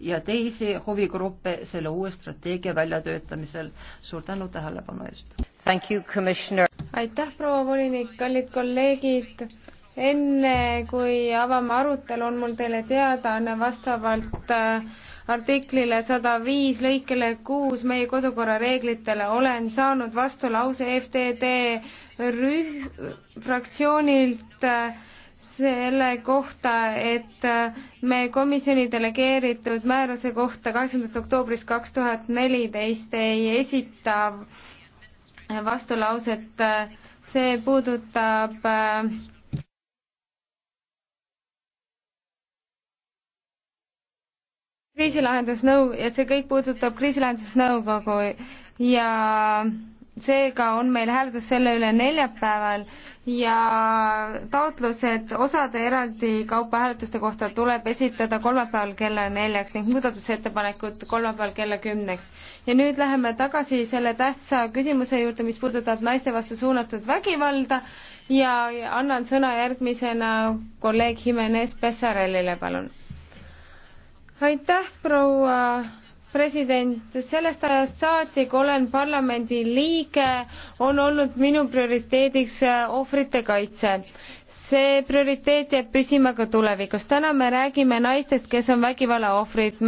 ja teisi huvigruppe selle uue strateegia väljatöötamisel. suur tänu tähelepanu eest! aitäh, proua volinik, kallid kolleegid! enne kui avame arutelu, on mul teile teadaanne vastavalt äh, artiklile sada viis lõikele kuus meie kodukorra reeglitele olen saanud vastulause FTD rühm fraktsioonilt äh, selle kohta, et me komisjoni delegeeritud määruse kohta kaheksandast oktoobrist kaks tuhat neliteist ei esita vastulauset. see puudutab äh, kriisilahendusnõu ja see kõik puudutab kriisilahendusnõukogu ja seega on meil hääletus selle üle neljapäeval ja taotlused osade eraldi kaupa hääletuste kohta tuleb esitada kolmapäeval kella neljaks ning muudatusettepanekud kolmapäeval kella kümneks. ja nüüd läheme tagasi selle tähtsa küsimuse juurde, mis puudutab naiste vastu suunatud vägivalda ja annan sõna järgmisena kolleeg Jimenez Pessarellile, palun. aitäh, proua president, sellest ajast saati, kui olen parlamendi liige, on olnud minu prioriteediks äh, ohvrite kaitse see prioriteet jääb püsima ka tulevikus. täna me räägime naistest kes on vägivalla ohvrid.